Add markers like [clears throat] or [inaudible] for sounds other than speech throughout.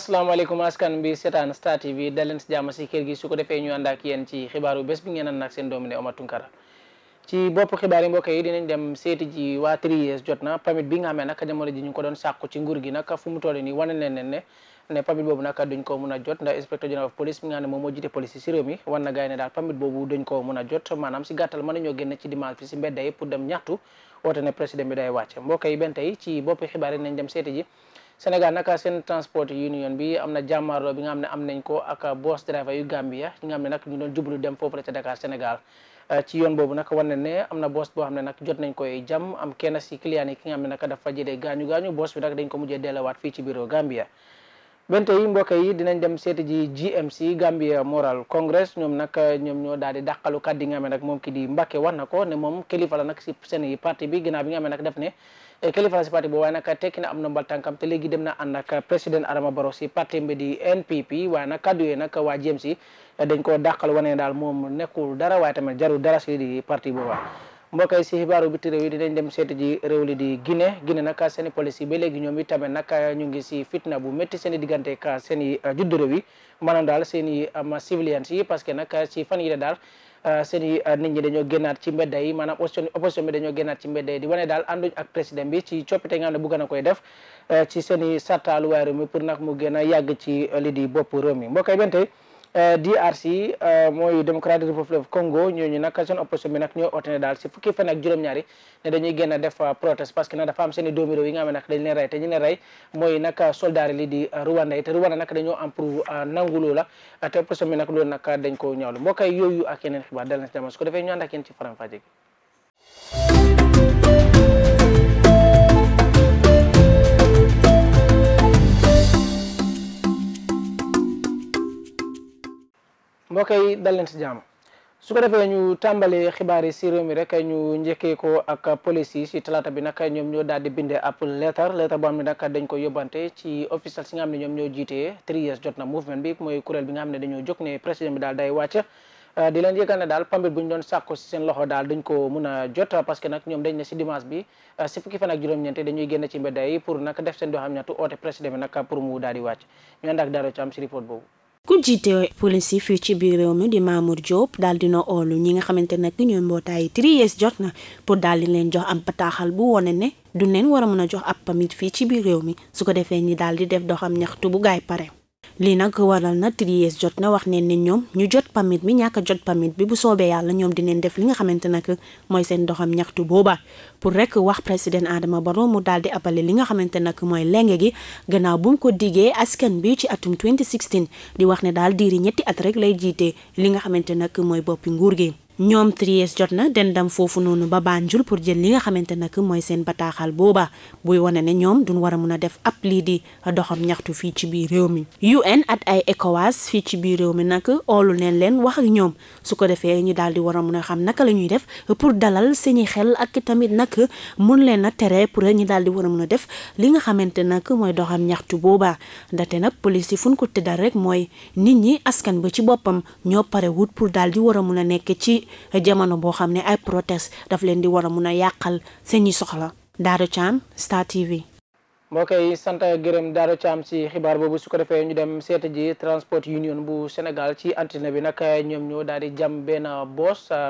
asalaamaaleykum askan bi seetaan Star TV dal leen si kër gi su ko defee ñu ànd ak yéen ci xibaaru bés bi ngeen ànd ak seen doomu ne Omar Tunkara ci dinañ dem seeti ji waa Triyes jot na permit bi nga xam ne nag jamono ji ñu ko doon sàkku ci nguur gi na fu mu toll nii wane leen ne ne ne permit boobu nag duñ ko mun a jot ndax inspecteur général of police mi nga xam ne moom moo jiite police si réew mi wan na gars yi ne daal permit boobu duñ ko mun jot maanaam si gàttal mën nañoo génn ci dimanche bi si mbedd yi pour dem ñaxtu bopp xibaar yi dinañ dem seeti ji Sénégal naka seen transport union bi am na jàmmaarloo bi nga xam ne am nañ ko ak boss driver yu Gambia nga xam ne nag ñu doon jublu dem foofu la ca Dakar Sénégal euh, ci yoon boobu nag war na ne am na boss boo xam ne nag jot nañ koy jam am kenn si client yi ki nga xam ne nag dafa jëlee gaañu gaañu boss bi nag dañ ko mujjee delluwaat fii ci bureau Gambia ben tey mbokk yi dinañ dem seeti ji GMC Gambia Moral Congress ñoom nag ñoom ñoo daal di dàqalu kàddi nga xam ne nag moom ki di mbakke wax na ko ne moom kilifa la nag si i parti bi ginnaaw bi nga xam ne nag def ne eh, kilifa la si parti bi waaye nag tekki na am na mbal tànkam te léegi dem na ànd ak président Adama Barrow si parti bi di NPP waaye nag kàddu yee nag waa GMC dañ koo dàqal wane daal moom nekkul dara waaye tamit jarul dara si di parti booba mbokk yi si xibaaru biti réew yi dinañ dem seeti ji réew li di Guinée Guinée nag seen i police yi ba léegi ñoom itamit nag ah, ñu ngi si fitna bu métti seen i diggante ka seen i ah, juddu réew yi daal seen i ah, ma civilians yi parce que nag si fan yi daal seen i nit ñi dañoo génnaat ci mbedda yi maanaam opposition bi dañoo génnaat ci mbedda yi di wane daal ànduñ ak président bi ci coppite nga xam ne koy def ci seen i mi pour nag mu gën a yàgg ci li di bopp réew mi mbokk yi Euh, DRC euh, mooy Democratic Republic of Congo ñooñu nag seen opposition bi nag ñoo oote daal si fukki fan juróom-ñaari ne dañuy génn def euh, protest parce que nag dafa am seen i doomi réew yi nga xam ne nag ñu leen rey mooy dañoo am pour nangu loola te opposition bi nag loolu ko ñaawlu mbokk yooyu ak yeneen xibaar dal si jamono su ko defee ñu ànd ak ci faram-fàcce gi mbokk yi dal leen su ko defee ñu tàmbali xibaar yi si réew mi rek ñu njëkkee ko ak police yi si talaata bi nag ñoom ñoo daal di bindee ab lettre lettre boo xam ne nag ci officiel ñoom ñoo jiitee trias jot na mouvement bi mooy kuréel ne dañoo jóg ne président bi daal day wàcc seen loxo daal dañ a jot parce que nag ñoom dañ ne si dimanche bi si fukki fan ak juróom-ñeente dañuy ci mbedda pour nag def seen doo xam ñatu oote président bi nag pour mu daal di wàcc ñu ànd ak ci report boobu ku jiite police fii ci biir réew mi di Mamour Diop daal na oolu ñi nga xamante nag ñooy mbootaayu tries jot na pour daal di leen jox am pataaxal bu wone ne du leen war a mën a jox ab pamit fii ci biir réew mi su ko defee ñi daal di def doxam ñaxtu bu gaay pare lii nag waral na tries jot na wax neen ne ñoom ñu jot pamit bi ñàkk jot pamit bi bu soobee yàlla ñoom dineen def li nga xamante nag mooy seen doxam ñaxtu booba pour rek wax président Adama Barrow mu daal di appale li nga xamante nag mooy lenge gi gannaaw bu ko digee askan bi ci atum 2016 di wax ne daal diiri ñetti at rek lay jiite li nga xamante nag mooy boppi nguur gi ñoom Tries jot na den dem foofu noonu ba Banjul pour jël li nga xamante nag mooy seen bataaxal boobaa buy wane ne ñoom duñ war a mun a def ab lii di doxam ñaxtu fii ci biir réew mi UN at ay ECOWAS fii ci biir réew mi nag oolu neen leen wax ak ñoom su ko defee ñu daal di war a mun a xam naka la ñuy def pour dalal seeni xel ak tamit nag mun leen a tere pour ñu daal di war a mun a def li nga xamante nag mooy doxam ñaxtu booba ndaxte nag police yi fu ñu ko tëddal rek mooy nit ñi askan ba ci boppam ñoo pare wut pour daal di mun a nekk ci jamono boo xam ne ay protest daf leen di war a mun a yàqal seen seeni soxla Daouda Thiam Star TV moo koy sant gërëm daaro caam si xibaar boobu su ko defee ñu dem seeta ji transport union bu Sénégal ci antenne bi nag ñoom ñoo daal di jam benn ah,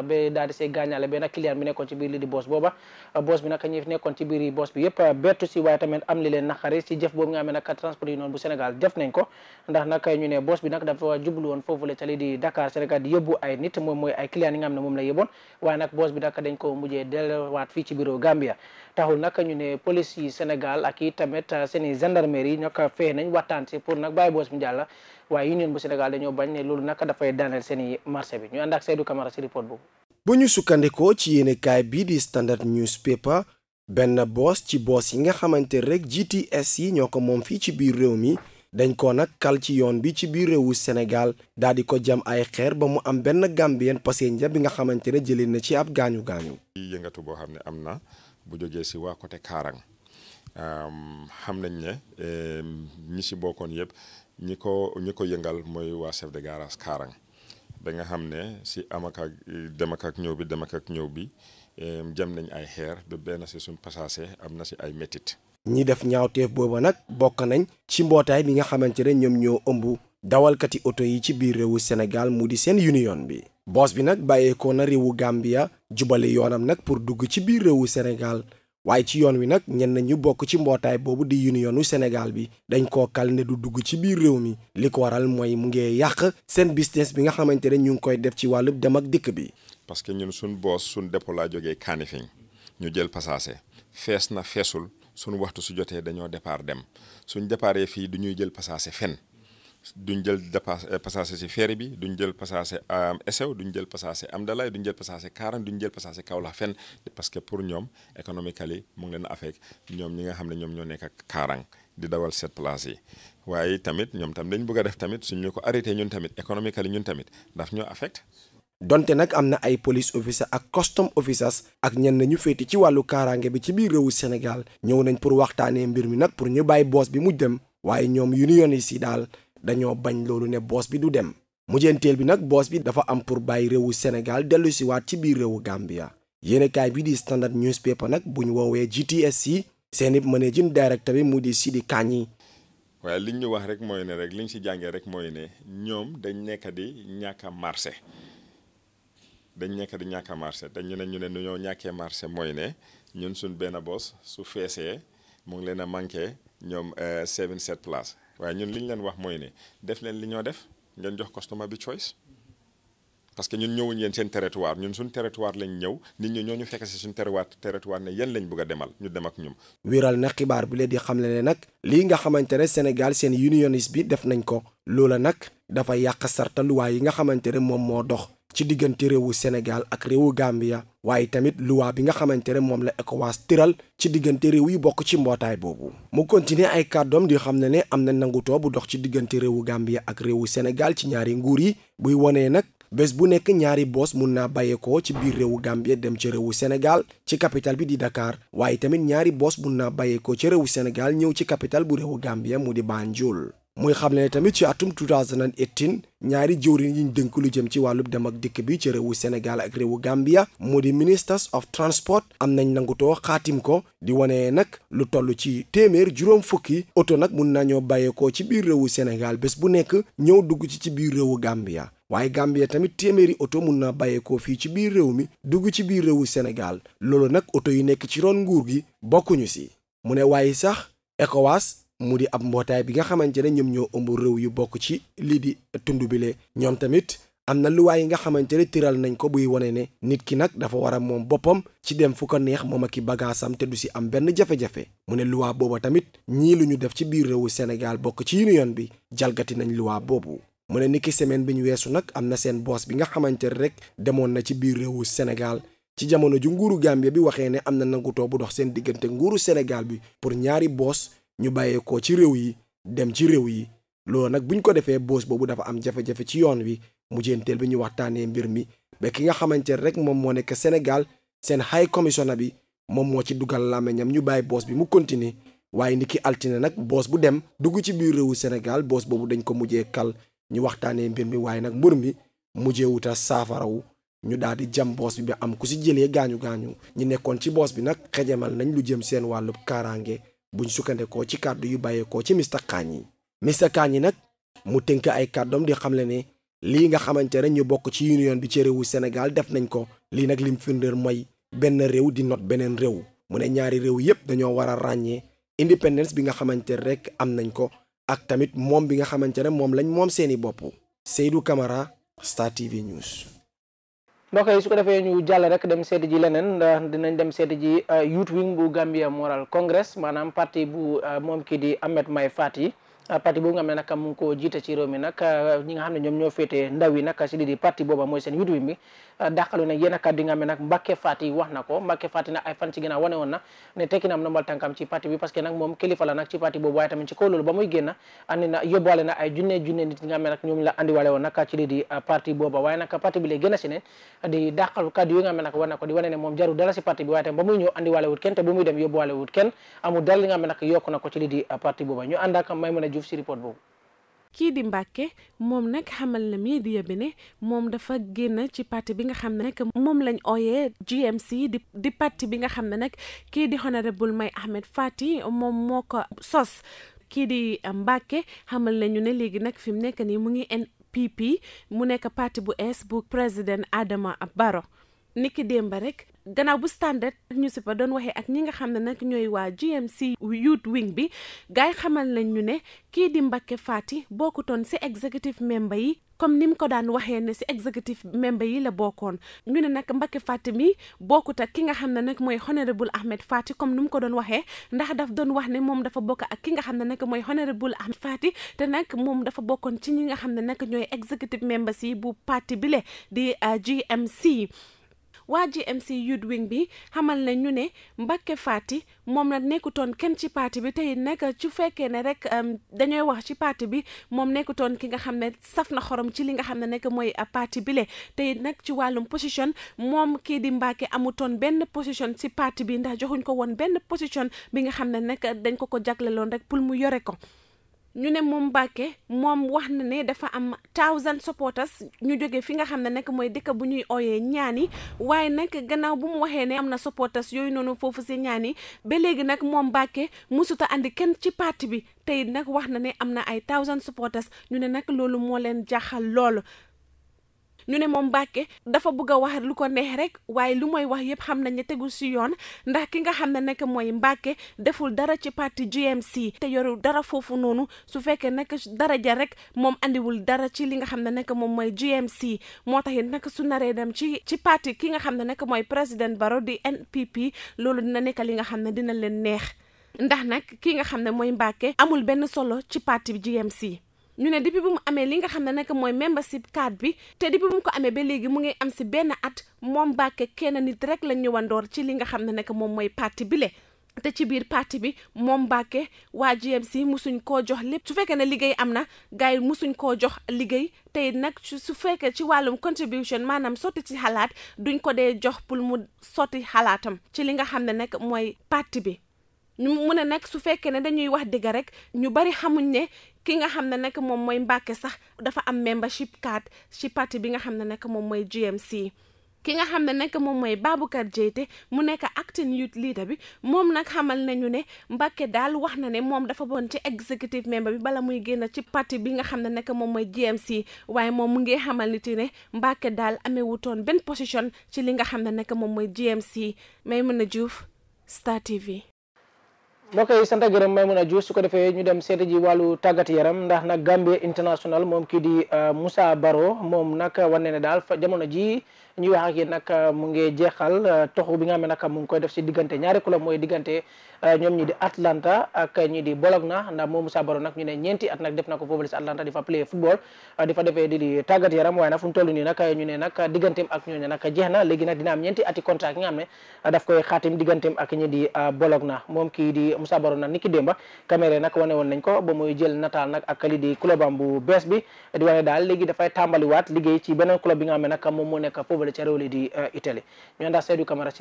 benn client bi nekkoon ci biir li nekkoon ci biir boos bi yëpp ah, bettu si waaye tamit am li leen naqari si jëf boobu nga xam ne nag transport union bu Sénégal def ñu ne boos bi nag jublu woon foofu la ca li di Dakar Sénégal di ay nit moom mooy ay client yi nga xam ne moom la yóbboon waaye nag boos bi nag dañ ko mujjee delluwaat fii ci bureau Gambia tamit euh, seen i yi ñoo ko fexe nañ waxtaan si pour nag bàyyi boos mu jàll waaye union bu Sénégal dañoo bañ ne loolu naka dafay daaneel seen i bi ñu ànd ak Seydou Camara si report bu ñu sukkandikoo ci yéenekaay bii di standard newspaper benn boos ci boos yi nga xamante rek GTS yi ñoo ko moom fii ci biir réew mi. dañ ko nag kal ci yoon bi ci biir réewu senegal daal di ko jam ay xeer ba mu am benn Gambien passenger bi nga xamante ne jëlee na ci ab gaañu gaañu. yëngatu boo xam ne am na bu jógee si waa côté Kaarang xam nañ ne ñi si bokkoon yëpp ñi ko ñi ko yëngal mooy waa chef de garas Karang ba nga xam ne si amak ak dem ñëw bi dem ñëw bi jam nañ ay xeer ba benn si suñ passagé am na si ay métit ñi def ñaawteef booba nag bokk nañ ci mbootaay bi nga xamante ne ñoom ñoo ëmb dawalkati oto yi ci biir réewu Sénégal mu di seen union bi boos bi nag bàyyeekoo na réewu Gambia jubali yoonam nag pour dugg ci biir réewu senegal waaye ci yoon wi nag ñenn ñu bokk ci mbootaay boobu di unionu Sénégal bi dañ koo kal ne du dugg ci biir réew mi li ko waral mooy mu ngi yàq seen business bi nga xamante ne ñu ngi koy def ci wàllu dem ak dikk bi. parce que ñun suñ boos suñ dépôt laa jógee Kanifing ñu jël passagers fees na feesul suñ waxtu su jotee dañoo départ dem suñ départee fii du ñuy jël passagers fenn. duñ jël euh, passage si ferry bi duñ jël passage Essew duñ jël am Amdalaay duñ jël passage Karang duñ jël passage Kaolack fenn parce que pour ñoom économiquement mu ngi leen affecté ñoom ñi nga xam ne ñoom ñoo nekk ak Karang di dawal waaye tamit ñoom tam dañ bëgg a def tamit suñ ñu ko arrêté ñun tamit économiquement ñun tamit daf ñoo affecté. donte nag am na ay police officer ak custom officers ak ñenn ñu féete ci wàllu kaaraange bi ci biir réewu Sénégal ñëw nañ pour waxtaanee mbir mi nag pour ñu bàyyi boos bi mu dem waaye ñoom yu union yi si daal. dañoo bañ loolu ne boos bi du dem mujjanteel bi nag boos bi dafa am pour bàyyi réewu Sénégal dellu si waat ci biir réewu Gambia yéenekaay bi di standard newspaper nag bu ñu woowee GTSC seeni managing director bi mu di Sidi Kani waaye liñ ñu wax rek mooy ne rek liñ si jàngee rek mooy ne ñoom dañ nekk di ñàkk a marché dañ nekk di ñàkk marché dañ ñu ne ñu ne nu ñoo ñàkkee marché mooy ne ñun suñ benn boos su feesee mu leen a manqué ñoom euh, seven sept place waaye ñun li ñu leen wax mooy ne def leen li ñoo def ngeen jox customer bi choice parce que ñun ñëwuñ yéen seen territoire ñun suñ territoire lañ ñëw nit ñi ñoo ñu fekk si suñ territoire territoire ne yéen lañ bëgg a demal ñu dem ak ñum wiral na xibaar bi leen di xamle ne nag lii nga xamante ne Sénégal seen unionist bi def nañ ko loola nag dafa yàq sarta luwaay yi nga xamante ne moom moo dox ci diggante réewu Sénégal ak réewu Gambia waaye tamit luwaa bi nga xamante ne moom la ECOWAS tëral ci diggante réew yi bokk ci mbootaay boobu mu continuer ay kàddoom di xam ne ne am na nangutoo bu dox ci diggante réewu Gambia ak réewu Sénégal ci ñaari nguur yi buy wonee nag bés bu nekk ñaari boos mun naa bàyyeekoo ci biir réewu Gambie dem ci réewu Sénégal ci capital bi di Dakar waaye tamit ñaari boos mun naa bàyyeekoo ci réewu Sénégal ñëw ci capital bu réewu Gambie mu di Banjul muy xam ne tamit ci atum 2018 ñaari jëwriñ yiñ dënk lu jëm ci wàllu dem ak dikk bi ci réewu Sénégal ak réewu Gambia moo di ministers of transport am nañ nangutoo xaatim ko di wane nag lu toll ci téeméer juróom fukki oto nag mun nañoo bàyyeekoo ci biir réewu Sénégal bés bu nekk ñëw dugg ci ci biir réewu Gambia. waaye Gambia tamit téeméeri oto mun naa bàyyeekoo fii ci biir réew mi dugg ci biir réewu Sénégal loolu nag oto yi nekk ci ron nguur gi bokkuñu si mu ne waaye sax ECOWAS mu di ab mbootaay bi nga xamante ne ñoom ñoo ëmb réew yu bokk ci lii di tund bile ñoom tamit am na luwaay yi nga xamante ne tëral nañ ko buy wane ne nit ki nag dafa war a moom boppam ci dem fu neex moom ak i bagaasam te du si am benn jafe-jafe mu ne luwaa booba tamit ñii lu ñu def ci biir réewu Sénégal bokk ci yu yoon bi jalgati nañ luwaa boobu mu ne niki semaine bi ñu weesu nag am na seen boos bi nga xamante ne rek demoon na ci biir réewu Sénégal ci jamono ju nguuru Gambie bi waxee ne am na nangutoo bu dox seen diggante nguuru Sénégal bi pour ñaari boos ñu bàyyeekoo ci réew yi dem ci réew yi loolu nag buñ ko defee boos boobu dafa am jafe-jafe ci yoon wi mujjeenteel bi ñu waxtaanee mbir mi ba ki nga xamante rek moom moo nekk Sénégal seen high commissioner bi moom moo ci dugal làmmiñam ñu bàyyi boos bi mu continuer waaye ni ki altine nag boos bu dem dugg ci biir réewu Sénégal boos boobu dañ ko mujjee kal ñu waxtaanee mbir mi waaye nag mbir mi mujjee wuta saafarawu ñu daal di jam boos bi am ku si jëlee gaañu gaañu ñi nekkoon ci boos bi nag xejamal nañ lu jëm seen wàllu kaaraange buñ sukkandekoo ci kàddu yu bàyyeekoo ci Mr Kandji Mr yi nag mu tënk ay kàddoom di xamle ne lii nga xamante ne ñu bokk ci union bi ci réewu Sénégal def nañ ko lii nag lim firndeel mooy benn réew di not beneen réew mu ne ñaari réew yépp dañoo war a ràññee indépendance bi nga xamante ne rek am nañ ko ak tamit moom bi nga xamante ne moom lañ moom seeni bopp Seydou Camara Star TV News ndox yi su ko defee ñu jàll rek dem seeti ji leneen dinañ dem seeti ji euh, youth wing bu Gambia Moral Congress maanaam parti bu euh, moom kii di Ahmed Mai Fatty Euh, parti boobu nga xam ne nag mu ngi koo jiite ci réew mi nag euh, ñi nga xam ne ñoom ñoo féetee ndaw yi nag si lii di parti booba mooy seen yudu bi euh, dàqalu ne yéen a kàddu yi nga xam ne nag Mbacke Fati wax na ko Mbacke Fati nag ay fan ci ginnaaw wane woon na ne tekki na am ndombal tànkam ci parti bi parce que nag moom kilifa la nag ci parti boobu waaye tamit ci kaw loolu ba muy génn andi na yóbbaale na ay junne junne nit ñi nga xam ne nag ñoom la andiwaale woon nag ci lii di parti booba waaye nag parti bi lay génn si ne di dàqalu kàddu yi nga xam ne nag war na ko di wane ne moom jarul dara si parti bi waaye tamit ba muy ñëw andiwaale wut kenn te bu muy dem yóbbuwaale wut kenn amul dara li nga xam ne nag yokk na ko ci lii di parti booba ñu ànd ak may mën a Diouf si boobu. kii di Mbàkke moom nag xamal na media bi ne moom dafa génn ci parti bi nga xam ne nag moom lañ ooyee GMC di di parti bi nga xam ne nag kii di honorable may Ahmed Fatty moom moo ko sos kii di Mbàkke xamal na ñu ne léegi nag fi mu nekk nii mu ngi NPP mu nekk parti bu es bu président Adama Barrow niki démb rek gannaaw bu standard ñu si ba doon waxee ak ñi nga xam ne nag ñooy waa GMC youth wing bi gaay xamal nañ ñu ne kii di Mbacke Faty bokkutoon si executive member yi comme ni mu ko daan waxee ne si executive member yi la bokkoon ñu ne nag Mbacke Faty mi bokkut ak ki nga xam ne nag mooy honorable Ahmed Faty comme ni mu ko doon waxee ndax daf doon wax ne moom dafa bokk ak ki nga xam ne nag mooy honorable Ahmed Faty te nag moom dafa bokkoon ci ñi nga xam ne nag ñooy executive members yi bu bi le di euh, GMC. waa GMC Youth Wing bi xamal na ñu ne Mbacke Fati moom la nekkutoon kenn ci parti bi tey nag ci fekkee ne rek euh, dañooy wax ci parti bi moom nekkutoon ki nga xam ne saf na xorom ci li nga xam ne nekk mooy a euh, parti bile tey nag ci wàllum position moom kii di Mbacke amutoon benn position ci parti bi ndax joxuñ ko woon benn position bi nga xam ne nag dañ ko ko jagleloon rek pour mu yore ko ñu ne moom Mbacke moom wax na ne dafa am thousand supporters ñu jóge fi nga xam ne nag mooy dëkk bu ñuy ooyee ñaani waaye nag gannaaw bu mu waxee ne am na supporters yooyu noonu foofu si ñaani ba léegi nag moom Mbacke musuta andi kenn ci parti bi tey nag wax na ne am na ay thousand supporters ñu ne nag loolu moo leen jaaxal lool ñu ne moom Mbàkke dafa bëgg a wax lu ko neex rek waaye lu mooy wax yépp xam nañ ne tegu si yoon ndax ki nga xam ne nekk mooy Mbàkke deful dara ci parti GMC te yorul dara foofu noonu su fekkee nekk dara ja rek moom andiwul dara ci li nga xam ne nekk moom mooy GMC moo tax it nag su naree dem ci ci parti ki nga xam ne nekk mooy président Barrow di NPP loolu dina nekk li nga xam ne dina leen neex ndax nag ki nga xam ne mooy mbaake amul benn solo ci parti GMC ñu ne depuis bu mu amee li nga xam ne nag mooy membership card bi te depuis bu mu ko amee ba léegi mu ngi am si benn at moom Mbacke kenn nit rek la ñëwandoor ci li nga xam ne nekk moom mooy parti bile. te ci biir parti bi moom Mbacke waa GMC musuñ koo jox lépp su fekkee ne liggéey am na gars yi musuñ koo jox liggéey tey nag su fekkee ci wàllum contribution maanaam sotti ci xalaat duñ ko dee jox pour mu sotti xalaatam ci li nga xam ne nag mooy parti bi. mu ne nag su fekkee ne dañuy wax dëgg rek ñu bari xamuñ ne ki nga xam ne nag moom mooy Mbàkke sax dafa am membership card ci parti bi nga xam ne nag moom mooy GMC. ki nga xam ne nag moom mooy Baboucarr Jaiteh mu nekk acting youth bi moom nag xamal nañu ne Mbàkke daal wax na ne moom dafa bon ci executive member bi bala muy génn ci parti bi nga xam ne nag moom mooy GMC waaye moom mu ngi xamal nit ne Mbàkke daal amee amewutoon benn position ci li nga xam ne nag moom mooy GMC a Diouf Star TV. mbokk yi sant gërëm Maimouna Diouf su ko defee ñu dem seeta ji wàllu tàggat yaram ndax nag Gambia international moom kii di euh, Moussa Baro moom nag wane ne daal jamono ji ñuy wax ak yéen nag euh, jeexal euh, toxu bi nga xam ne nag mu ngi koy def si diggante ñaari club mooy diggante euh, ñoom ñi di Atlanta ak ñi di Bologna ndax moom Moussa Baro nag ñu ne ñeenti at nag def na ko foofu si Atlanta di fa play football di fa defee di di tàggat yaram waaye nag fu mu toll nii na léegi nag dina am ñeenti ati contrat yi nga xam ne daf koy xaatim digganteem ak ñi di Bologna moom kii niki démba caméra nag wane woon nañ ko ba muy jël nataal nag ak li di clubam bu bees bi di wane daal léegi dafay tàmbaliwaat liggéey ci beneen club bi nga xam ne moom moo nekk kule Charoli di uh, Italy. Nienda Saidu Kamara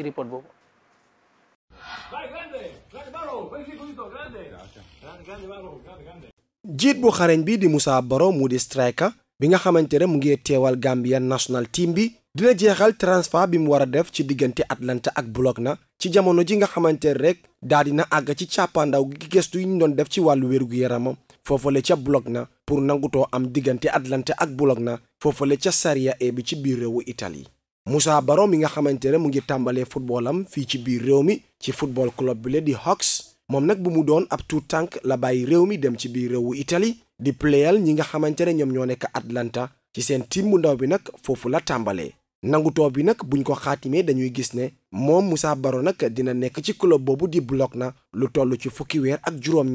jiit bu xareñ bi di musa Baro mu di striker bi nga xamante ne mu ngi teewal Gambian national team bi dina jeexal transfert bi mu war a def ci diggante Atlanta ak na ci jamono ji nga xamante ne rek daa dina àgg ci càppaandaw gi gëstu yi ñu doon def ci wàllu wér yarama yaramam foofale ca Bologna pour nangutoo am diggante Atlanta ak Bologna la ca saria A bi ci biir réewu itali Moussa Baro mi nga xamante ne mu ngi tàmbalee football fii ci biir réew mi ci football club bi la di Hawks moom nag bu mu doon ab tout tànk la bàyyi réew mi dem ci biir réewu itali di pléyal ñi nga xamante ne ñoom ñoo nekk Atlanta ci seen tiim ndaw bi nag foofu la tàmbalee nangutoo bi nag buñ ko xaatimee dañuy gis ne moom Moussa Baro nag dina nekk ci club boobu di Bologna lu toll ci fukki weer ak juróom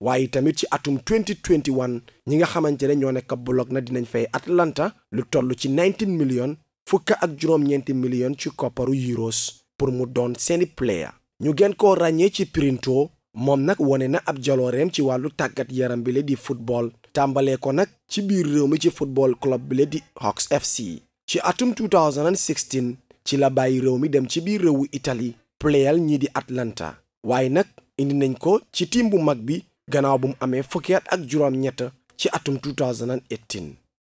waaye tamit ci atum 2021 ñi nga xamante ne ñoo nekk bloc na dinañ fay Atlanta lu toll ci 19 millions fukk ak juróom-ñeenti ci kopparu euros pour mu doon seeni player ñu gën koo ràññee ci Printo moom nag wone na ab jalooreem ci wàllu tàggat yaram bi la di football tàmbalee ko nag ci biir réew mi ci football club bile di Hawks FC ci atum 2016 ci la bàyyi réew mi dem ci biir réewu Italie pléyal ñii di Atlanta waaye nag indi nañ ko ci tiim bu mag bi gannaaw bu mu amee fukki at ak juróom-ñett ci atum 2018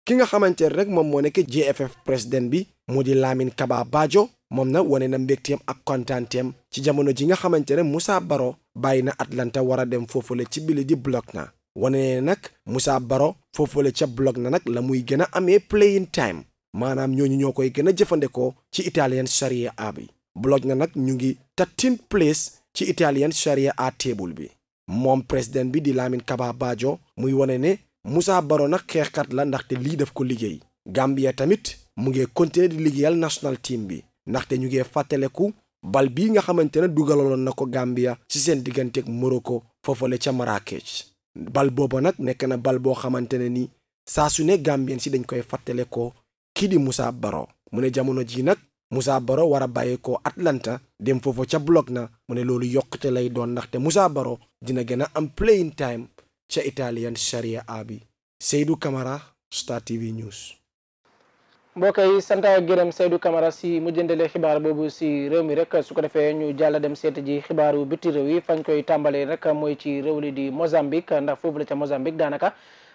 ki nga xamante ne rek moom moo nekk GFF président bi moo di Lamin Kaba baajo moom na wane na mbégteem ak kontaanteem ci jamono ji nga xamante ne Moussa Baro bàyyi na Atlanta war a dem foofule ci bili di bloc na wane ne nag Moussa Baro foofule ca bloc na nag la muy gën a amee playing time maanaam ñooñu ñoo koy gën a jëfandikoo ci italien Serie A bi bloc na nag ñu ngi 13 place ci italien Serie A bi. moom président bi di Lamin kabaa Bajo muy wane ne Moussa Baro nag xeexkat la ndaxte lii def ko liggéey Gambia tamit mu ngi continuer di liggéeyal national team bi ndaxte ñu ngi ku bal bii nga xamante ne dugalaloon na ko Gambia ci seen digganteeg Morocco foofale ca Marrakech bal booba nag nekk na bal boo xamante ne ni saa su ne Gambien si dañ koy fàttale ko kii di Moussa Baro mu ne jamono jii nag Moussa Baro war a bàyyi ko Atlanta dem foofu ca bloc na mu ne loolu yokkute lay doon ndaxte Moussa Baro dina gën a am playing time ca Italian Serie A bi Seydou Camara Star TV News. mbokk yi sant ak gërëm Seydou Camara si mujjantale xibaar boobu si réew mi rek su ko defee ñu jàll dem seet ji xibaaru biti réew yi fañ koy tàmbalee rek mooy ci réew li di Mozambique ndax foofu la ca Mozambique daanaka.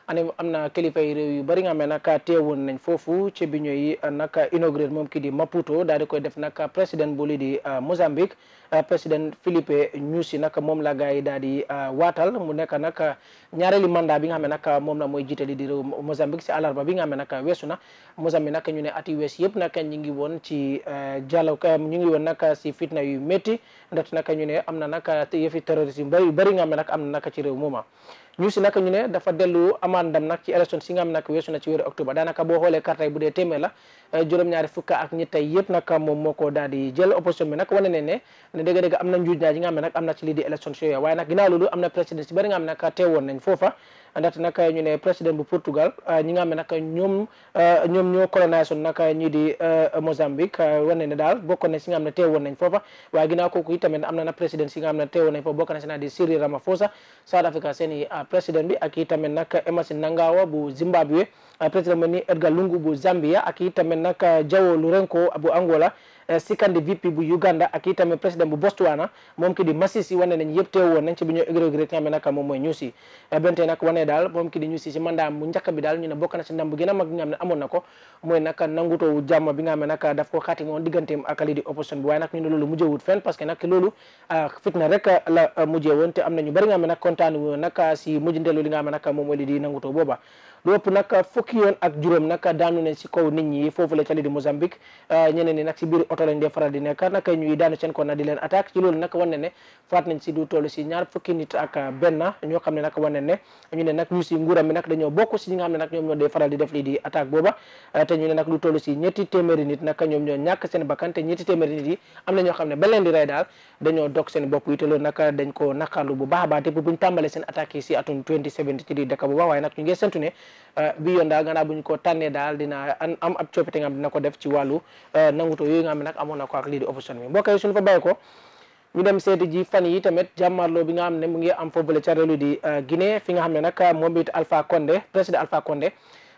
ane am na kilifa yi réew yu bëri nga xam ne nag teewoon nañ foofu ci bi ñuy nag inauguré moom kii di Maputo daal di koy def nag président bu di euh, Mozambique Euh, président Philippe Nyusi nag moom la gars yi daal di euh, waatal mu nekk nag euh, ñaareeli mandat bi nga xam ne nag moom la mooy jiitali di réew Mozambique si àllarba bi nga xam ne nag weesu na Mozambique nag ñu ne at yu wees yëpp nag ñu ngi ngi woon nag si fitna yu métti ndaxte nag ñu ne am na nag yëfi terroriste yu bëri bëri nga xam ne nag am na nag ci réew mooma ñu si nag dafa dellu amaan ndam nag ci élection si nga xam nag weesu na ci weeru octobre daanaka boo xoolee carte yi bu dee téeméer la juróom-ñaari fukka ak ñett tey moom moo ko daal di jël opposition bi ne dëgg-dëgg am na njuuj njaaj yi nga xam ne am na ci lii di élection ci yooyu waaye nag ginnaaw loolu am na président si bëri nga xam ne nag teewoon nañ foofa ndaxte nag ñu ne président bu Portugal ah, ñi nga xam ne nag ñoom ah, ñoom ñoo colonisation nag ah, Mozambique waaye ginnaaw kooku itamit am na na président si nga xam ne teewoon nañ foofa bokk na si naa di Cyril Ramaphosa South Africa seen i président bi ak itamit nag Emmerson Mnangagwa bu Zimbabwe président mu ni Edgar Lungu bu Zambia ak itamit nag João bu Angola Eh, Sikandi VP bu Uganda ak itamit président bu Botswana moom ki di Masisi wane nañ yëpp woon nañ ci bi ñoo égrégri nga xam ne nag moom mooy eh, moom ki si mandaam bu njëkk bi daal ñu ne bokk na si ndam a mag bi nga xam ñu ne loolu mujjewut fenn parce que nag loolu ah, fitna rek la ah, mujjewoon te am na ñu bari nga xam kontaan woon nag li nga xam ne moom mooy li di nangutoo booba lu ëpp nag fukki yoon ak juróom nag daanu nañ si kaw nit ñi foofu la ca li di Mozambique ah, ñeneen ni nag si biir oto lañ faral di nekk nag ñuy daanu seen kaw nag leen attaque ci loolu nag wane ne faat nit ak benn ñoo xam ne nag wane ne ñu ne nag ñu si nguuram mi bokk si ñi nga ne nag ñoom ñoo dee faral di def lii di attaque ah, lu si ñetti téeméeri nit nag ñoom ñoo ñàkk seen bakkan te ñetti téeméeri am na ba leen di rey daal dañoo dog seen bopp yi te loolu nag dañ ko naqarlu bu baax a baax te bu buñ tàmbalee seen attaque si atum 2017 ci di dëkk booba waaye nag ñu ngi sentu ne Euh, bi yoon daal gannaaw bu ñu ko tànnee daal dina am ab coppite nga am dina ko def ci wàllu euh, nangutoo yooyu nga xam ne nag amoon na ko ak lii di opposition bi mbokk yi suñu fa bàyyi ko ñu dem seeti ji fan yi tamit jàmmarloo bi nga xam ne mu ngi am foofule ca réew di euh, Guinée fi nga xam ne nag moom it Alpha Condé président Alpha Condé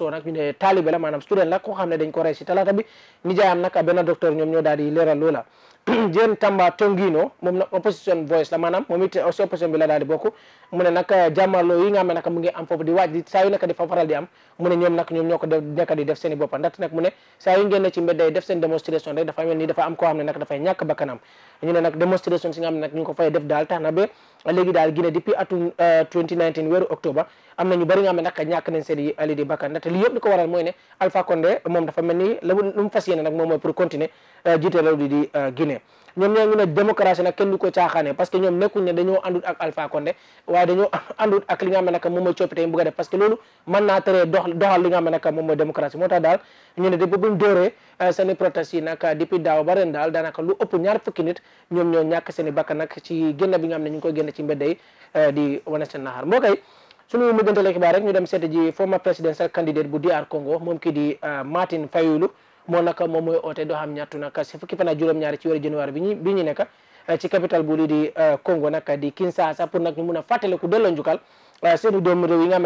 gëstoo nag ñu ne taalibe la maanaam student la ko xam ne dañ ko rey si talaata bi nijaayam nag benn docteur ñoom ñoo daal di leeral loola [clears throat] Jane Tamba Tongino moom opposition voice la maanaam moom it aussi opposition bi la daal di bokk mu ne eh, nga xam ne nag am foofu di waaj di saa yu def nekk di def seen i boppa ndaxte ne ci mbedd def seen démonstration def daal tax na ba léegi daal Guinée depuis atum 2019 eh, weeru am na ñu bëri nga xam ne nag ñàkk nañ seen i li eh, li yëpp li ko waral mooy ne Alpha moom dafa mel ni lu mu fas yéene nag moom ne ñoom ñoo ngi ne démocratie nag kenn du ko caaxaane parce que ñoom nekkuñ dañoo àndut ak Alpha Condé waaye dañoo àndut ak li nga xam ne nag moom mooy coppite moo tax daal ñu ne depuis dooree euh, seen protest yi nag depuis daaw ba ren daal daanaka lu ëpp ñaar fukki nit ñoom ñoo ñàkk seen i nag ci génn bi nga xam ne ñu ngi koy génn ci mbedd euh, di wane seen naxar moo koy suñu mujjantale xibaar rek ñu dem seeti ji former presidential candidate moo naka moom mooy oote doo xam ñattu nag si fukki fan juróom-ñaari ci weeru janvier bi ñu bi eh, ci capital bu lii di eh, Congo nag di Kinshasa pour nag ñu mun a fàttaliku delloo njukkal eh, seeni doomu bi pour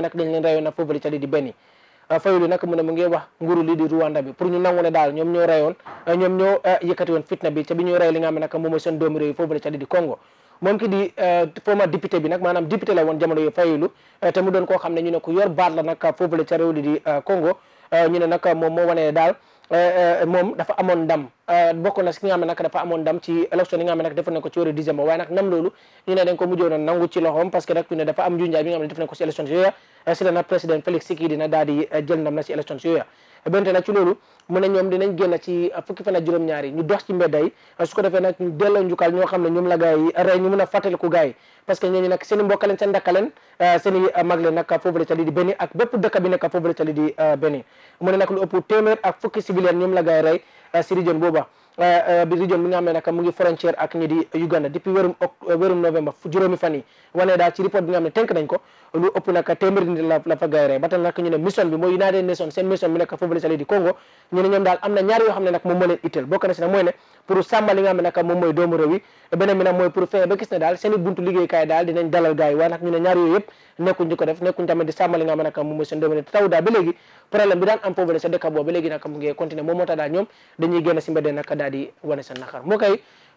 maanaam député la woon jamono yu fayulu doon koo xam ne ñu ne ku yor baat la nag foofule ca réew li di Congo ñu ne nag moom moo wane daal Eh, eh, moom dafa amoon ndam eh, bokk na si ki nga dafa amoon ndam ci élection yi nga xam ne ko ci wéru décembre waaye nag nam loolu ñu ne dañ ko mujjoon a nangu ci loxoom parce que nag ñu ne dafa am junjaay nga xam ne def nañ ko si élection di jël ndam ci fukki fan ak juróom ñu dox ci mbedda yi su defee nag ñu delloo njukkal ñoo xam ne ñoom la gars ñu mun a fàttaliku gars yi parce que ñooñu nag seen i mbokk leen seen euh, euh, mag leen nag foofu la ca lii di Bénin ak bépp dëkk bi nekk foofu la ca lii di euh, Bénin mu ne nag lu ëpp téeméer ak ñi di Uganda depuis wérum wérum juróomi fan wane daal ci report bi nga xam ne tënk nañ ko lu ëpp nag téeméer la fa gaay rey ba tax nag ne mission bi mooy United Nations seen mission bi nekk foofu la ca lii di Congo ñu ne ñoom daal am na ñaar yoo xam ne nag moom moo leen mooy doomu réew yi beneen bi nag mooy pour fexe ba gis ne daal seen i buntu liggéeykaay daal dinañ dalal gars yi waaye nag ñu ne ñaar yooyu yëpp nekkuñ di def nekkuñ tamit di sàmmal nga xam ne moom mooy seen doomu réew taw daal ba léegi problème bi daan am foofu la sa dëkk boobu ba nag mu ngi continuer moom moo tax daal ñoom dañuy génn si mbedd nag daal wane seen naqar moo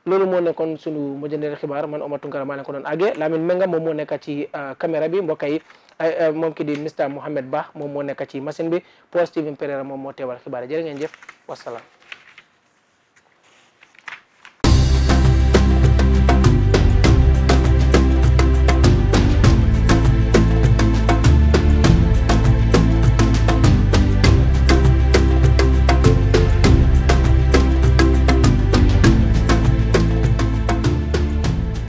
loolu moo nekkoon sunu mujjandeel xibaar man Omar Tunkara maa leen ko doon Menga moom moo nekk ci euh, caméra bi mbokk yi euh, moom ki di Mr moom moo nekk ci machine bi Paul Steven Pereira moo teewal xibaar yi jërë ngeen jëf wasalaam.